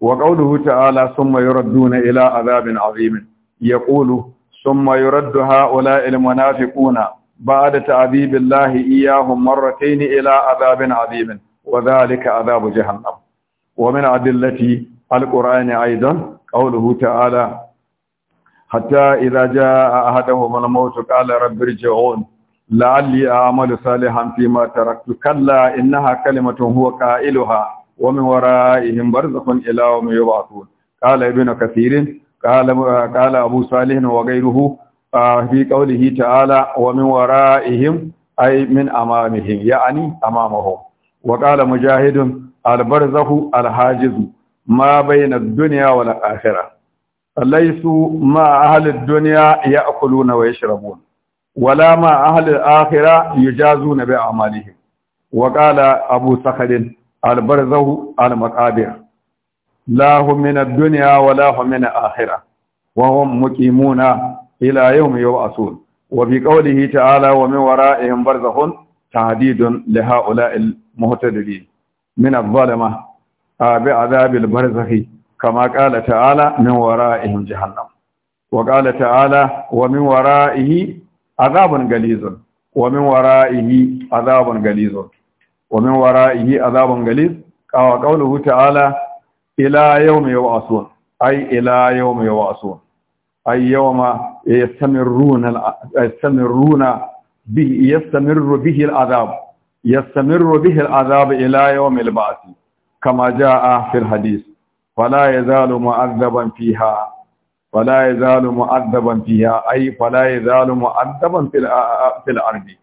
A: وقوله تعالى ثم يردون إلى عذاب عظيم يقول ثم يرد هؤلاء المنافقون بعد تعذيب الله إياهم مرتين إلى عذاب عظيم وذلك عذاب جهنم ومن أدلة القرآن أيضا قوله تعالى حتى إذا جاء أحدهم الموت قال رب ارجعون لعلي أعمل صالحا فيما تركت كلا إنها كلمة هو قائلها ومن ورائهم برزخ إلى يوم يبعثون قال ابن كثير قال قال أبو صالح وغيره في قوله تعالى ومن ورائهم أي من أمامهم يعني أمامهم Waƙala qala mujahidun albarzahu alhajizu Mabaina bayna ad-dunya wal akhirah laysu ma ahli ad-dunya ya'kuluna wa yashrabun wala ma ahli al-akhirah na bi a'malihim wa qala abu sakharin albarzahu almaqabir la duniya min ad-dunya wala hum min al-akhirah wa hum muqimuna ila yawmi wa bi qawlihi ta'ala wa min wara'ihim tahdidun li ha'ula'il muhtadiri min adh-dhalama bi adhabil barzakhi kama qala ta'ala min wara'ihim jahannam wa qala ta'ala wa min wara'ihi adhabun galizun wa min wara'ihi adhabun galizun wa min wara'ihi adhabun galiz qawa qawluhu ta'ala ila yawmi yub'asun ay ila bihi yastamirru bihi al'azab yastamirru ila yawm al kama jaa fi al-hadith fala yazalu mu'adhaban fiha fala yazalu mu'adhaban fiha ay fala yazalu mu'adhaban fil ardi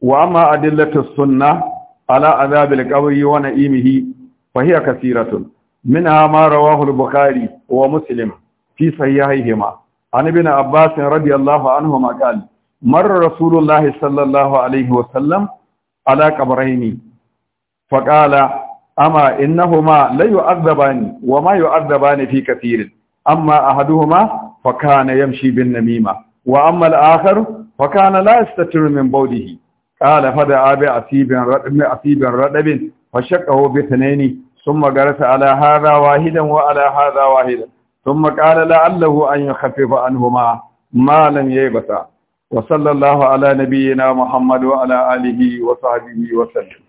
A: wa amma adillatu as-sunnah ala azab wa na'imihi fa hiya kasiratun منها ما رواه البخاري ومسلم في صحيحهما عن ابن عباس رضي الله عنهما قال marar rasulullahi sallallahu alaihi wasallam ala kabraini faƙala amma innahuma la yu'adzabani wa ma yu'adzabani fi kathirin amma ahaduhuma fa kana yamshi bin namima wa amma al-akhar fa kana la yastatiru min bawdihi qala fa da abi asibin radmi asibin radabin fa shaqahu bi thanaini thumma garasa ala hadha wahidan wa ala an huma. Malam ma lam وصلى الله على نبينا محمد وعلى آله وصحبه وسلم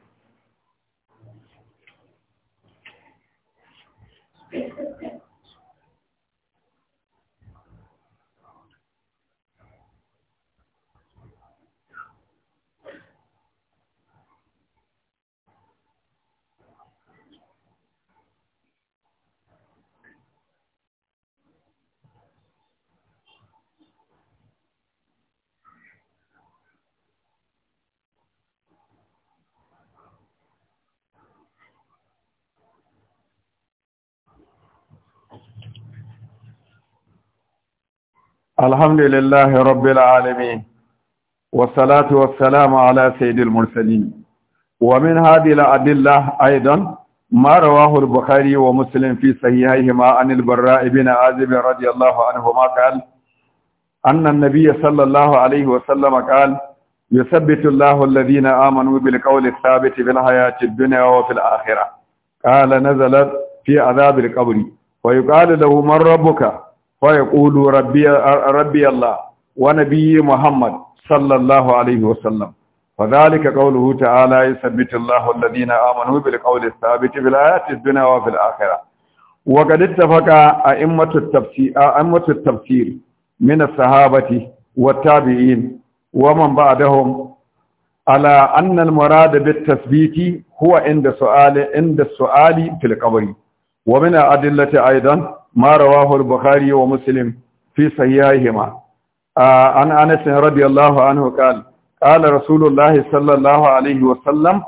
A: الحمد لله رب العالمين والصلاة والسلام على سيد المرسلين ومن هذه الأدلة أيضا ما رواه البخاري ومسلم في صحيحيهما عن البراء بن عازب رضي الله عنهما قال أن النبي صلى الله عليه وسلم قال يثبت الله الذين آمنوا بالقول الثابت في الحياة الدنيا وفي الآخرة قال نزلت في عذاب القبر ويقال له من ربك wa yaqulu rabbi rabbi Allah wa nabiyyi Muhammad sallallahu alaihi wasallam فذلك قوله تعالى يثبت الله الذين آمنوا بالقول الثابت في الآيات الدنيا وفي الآخرة وقد اتفق أئمة التفسير أئمة التفسير من الصحابة والتابعين ومن بعدهم على أن المراد بالتثبيت هو عند سؤال عند السؤال في القبر ومن الأدلة أيضا ma bukhari wa muslim fi sahihihima an anas radiyallahu anhu qala qala rasulullah sallallahu alaihi wa sallam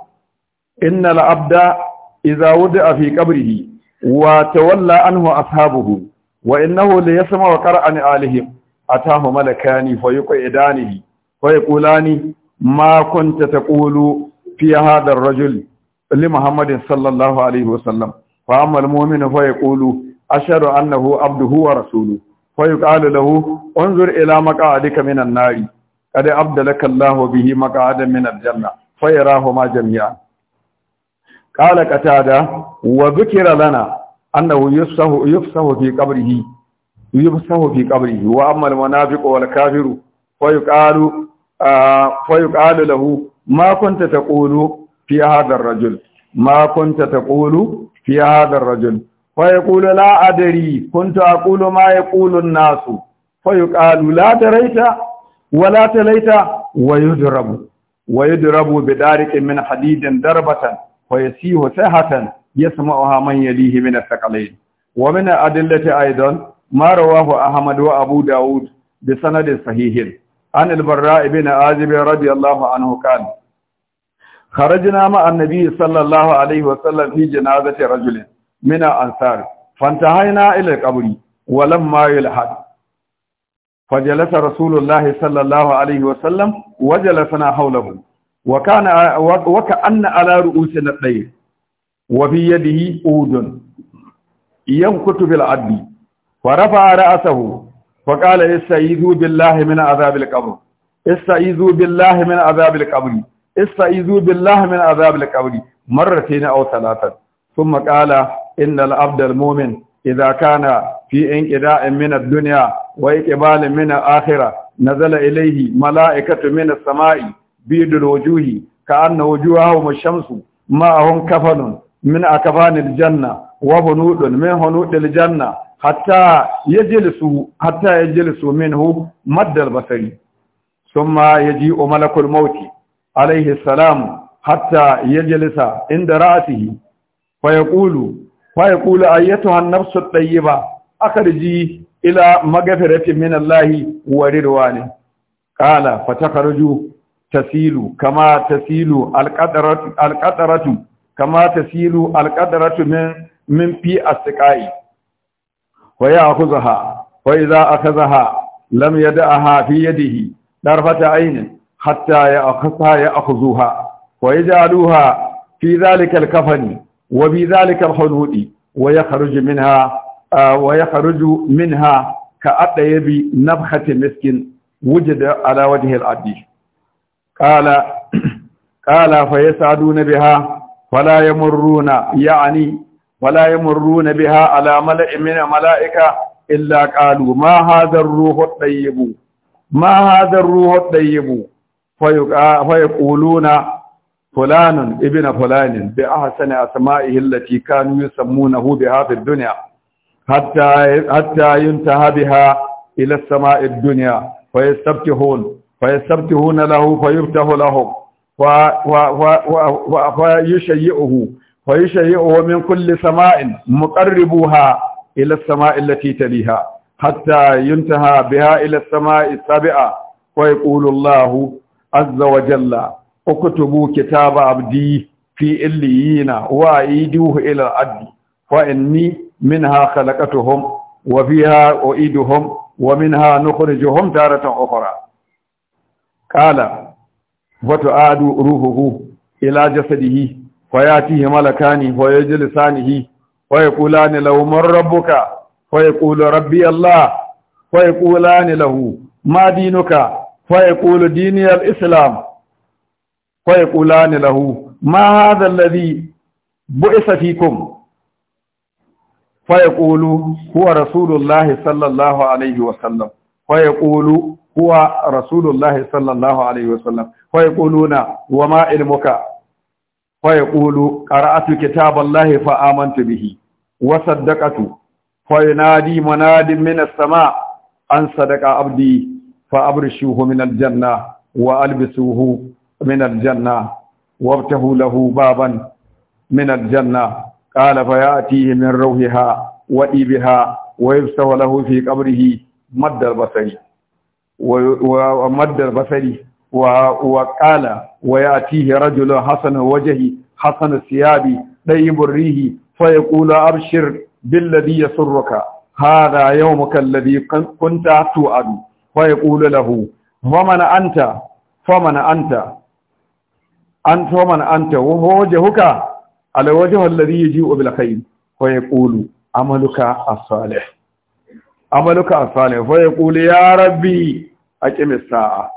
A: innal abda idza wudi'a fi qabrihi wa tawalla anhu ashabuhu wa innahu la yasma'u qara'a alihim atahu malakani fayuqidanihi fayaqulani ma ta taqulu fi hadha ar-rajul li muhammadin sallallahu alaihi wasallam fa amma al asharu annahu abduhu wa rasuluhu fa yuqalu lahu unzur ila maq'adika minan nari qad abdalaka Allahu bihi maq'adan minal janna fa yarahuma jami'an qala qatada wa dhukira lana annahu yufsahu yufsahu fi qabrihi yufsahu fi qabrihi wa amma munafiqu wal kafiru fa yuqalu ah, fa yuqalu lahu ma kunta taqulu fi hadha ar فيقول لا أدري كنت أقول ما يقول الناس فيقال لا دريت ولا تليت ويضرب ويضرب بدارك من حديد ضربة ويسيه سهة يسمعها من يليه من الثقلين ومن الأدلة أيضا ما رواه أحمد وأبو داود بسند صحيح عن البراء بن عازب رضي الله عنه قال خرجنا مع النبي صلى الله عليه وسلم في جنازة رجل min al-ansar fantahayna ila al-qabri wa lamma yulhad fajalasa rasulullah sallallahu alaihi wa sallam wa jalasna hawlahu wa kana wa ka'anna ala ru'usina dayr wa fi yadihi udun yankutu bil adli fa rafa'a ra'sahu fa qala istaizu billahi min استعيذوا بالله من عذاب القبر مرتين او ثلاثه ثم قال innal abdal mu'min idza kana fi inqida'in min ad-dunya wa iqbalin min al-akhirah nazala ilayhi mala'ikatu min as-sama'i bidul wujuhi ka'anna wujuhahum ash-shamsu ma'ahum kafanun min akafanil janna wa bunudun min hunudil janna hatta yajlisu hatta yajlisu minhu maddal basari thumma yaji'u malakul mauti alayhi salam hatta yajlisa inda ra'sihi Faya yaqulu fa yaqulu ayyatuha an-nafsu ba? tayyiba akhriji ila maghfiratin min Allah wa ridwan qala fatakhruju tasilu kama tasilu al-qadaratu al-qadaratu kama tasilu al-qadaratu min min Wai as-siqai wa ya'khudha wa idha akhadhaha lam yad'aha fi yadihi darfata aynin hatta ya'khudha ya'khuzuha wa yaj'aluha fi dhalika al-kafani wa bi zalika al-hududi wa yakhruju minha wa yakhruju minha ka adayabi nabhati miskin wujida ala wajhi al-adi qala qala fa yasaduna biha fala yamurruna ya'ni fala yamurruna biha ala mala'in min malaika illa qalu ma hadha ma fulanun ibn fulanin bi ahsani asma'ihi allati kanu yusammunahu biha fi dunya hatta hatta yuntaha biha ila as-sama'i ad-dunya fa yastabtihun fa na lahu fa yuftahu lahum wa wa wa fa yushayyihu fa yushayyihu min kulli sama'in muqarribuha ila as-sama'i allati taliha hatta yuntaha biha ila as-sama'i as-sabi'a wa yaqulu Allahu azza wa jalla uktubu kitaba abdi fi illiyina wa iduhu ila addi fa inni minha khalaqatuhum wa fiha uiduhum wa minha nukhrijuhum taratan ukhra qala wa tu'adu ruhuhu ila jasadihi fa yatihi malakani wa yajlisanihi wa yaqulani law man rabbuka wa yaqulu rabbi allah fa islam fa ni lahu ma hadha alladhi bu'isa fikum fa kulu, huwa rasulullahi sallallahu alaihi wa sallam fa kulu, huwa rasulullahi sallallahu alaihi wa sallam fa na wa ma ilmuka fa yaqulu qara'atu kitaballahi fa amantu bihi wa saddaqatu fa yunadi munadin min as-sama' an sadaqa abdi fa abrishuhu min al-janna wa albisuhu من الجنة وابته له بابا من الجنة قال فيأتيه من روحها وإبها ويبسو له في قبره مد البصري ومد البصري وقال ويأتيه رجل حسن وجهي حسن الثياب طيب الريه فيقول أبشر بالذي يسرك هذا يومك الذي كنت توعد فيقول له فمن أنت فمن أنت an toman an ta wuhu jihuka alawajihar lariya ji obi lafai kwaye ƙulu amaluka a salih amaluka a salih kwaye ƙulu ya rabbi a kimisa'a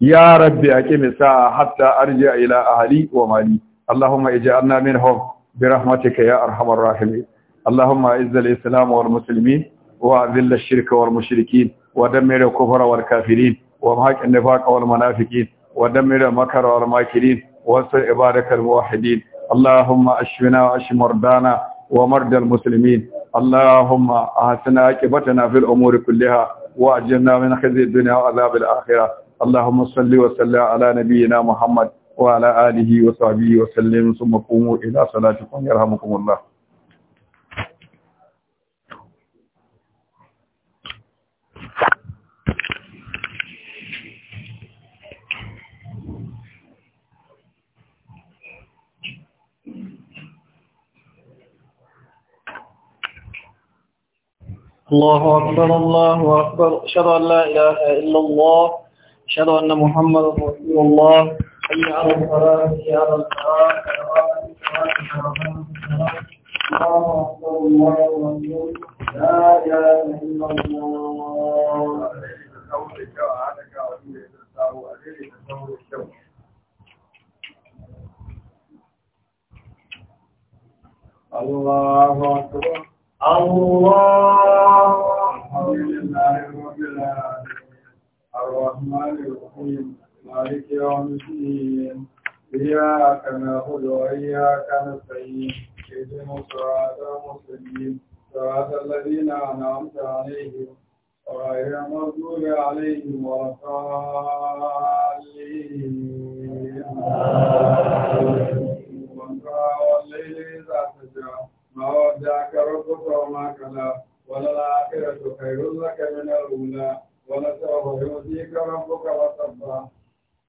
A: ya rabbi a kimisa'a hatta arji a ila ahali wa mali allahumma iji anna min hau bi rahmatika ya arhamar rahimi allahumma izzal islam wal musulmi wa zilla shirka wal mushriki wa dammira kufara wal kafirin wa mahaƙin nufaƙa wal manafiki wa dammira makarawar wal makirin وانصر عبادك الموحدين اللهم اشفنا واشف مرضانا ومرضى المسلمين اللهم احسن عاقبتنا في الامور كلها واجرنا من خزي الدنيا وعذاب الاخره اللهم صل وسلم على نبينا محمد وعلى اله وصحبه وسلم ثم قوموا الى صلاتكم يرحمكم الله
B: الله أكبر الله أكبر أشهد أن لا إله إلا الله أشهد أن محمد رسول الله حي على الصلاة حي على الله أكبر الله أكبر لا إله إلا الله الله أكبر الله الرحمن الرحيم مالك يوم الدين إياك نعبد وإياك نستعين اهدنا الصراط المستقيم صراط الذين أنعمت عليهم غير المغضوب عليهم ولا الضالين والليل إذا سجى ما ودعك ربك وما كلا وللآخرة خير لك من الأولى ونسأله يؤتيك ربك وترضى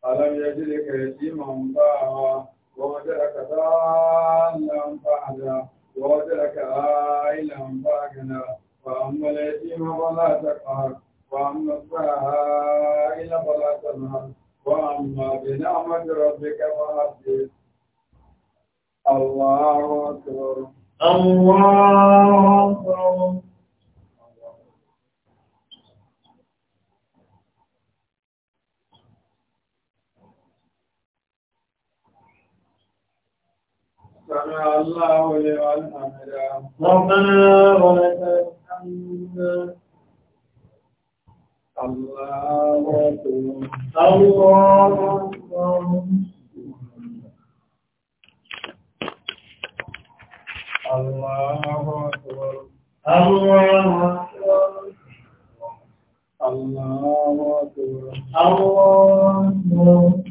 B: ألم يجدك يتيما فآوى ووجدك ضالا فهدى ووجدك عائلا فأغنى فأما اليتيم فلا تقهر وأما السائل فلا تنهر وأما بنعمة ربك فحدث الله أكبر الله أكبر سمع الله لمن حمده ربنا ولك الحمد الله أكبر الله أكبر الله أكبر الله أكبر الله أكبر الله أكبر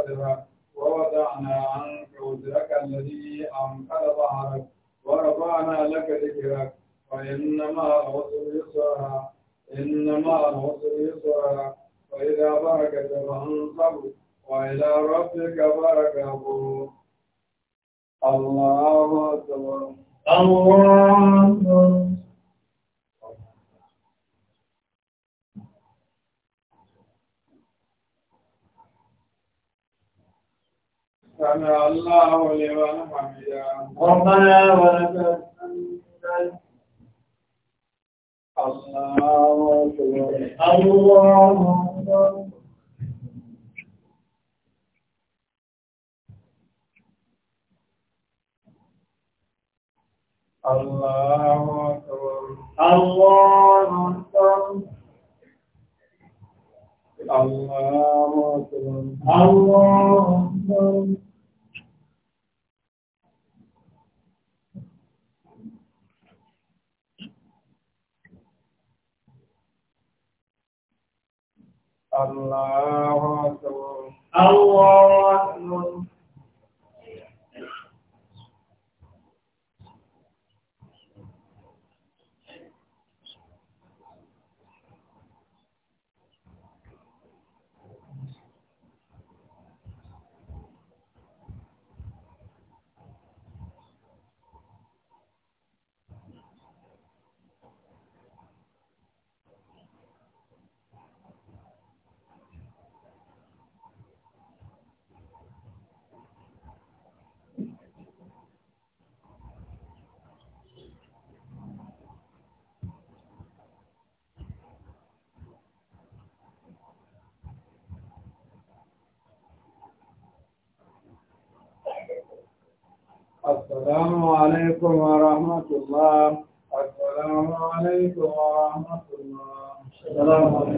B: صدرك ووضعنا عنك وزرك الذي أنقل ظهرك ورفعنا لك ذكرك فإنما العسر يسرا إنما العسر يسرا وإذا بركت فانصب وإلى ربك فاركب الله أكبر الله أكبر الله لمن حمده ربنا ولك الحمد الله أكبر الله أكبر الله أكبر الله أكبر الله عليكم ورحمة الله السلام عليكم ورحمة الله السلام عليكم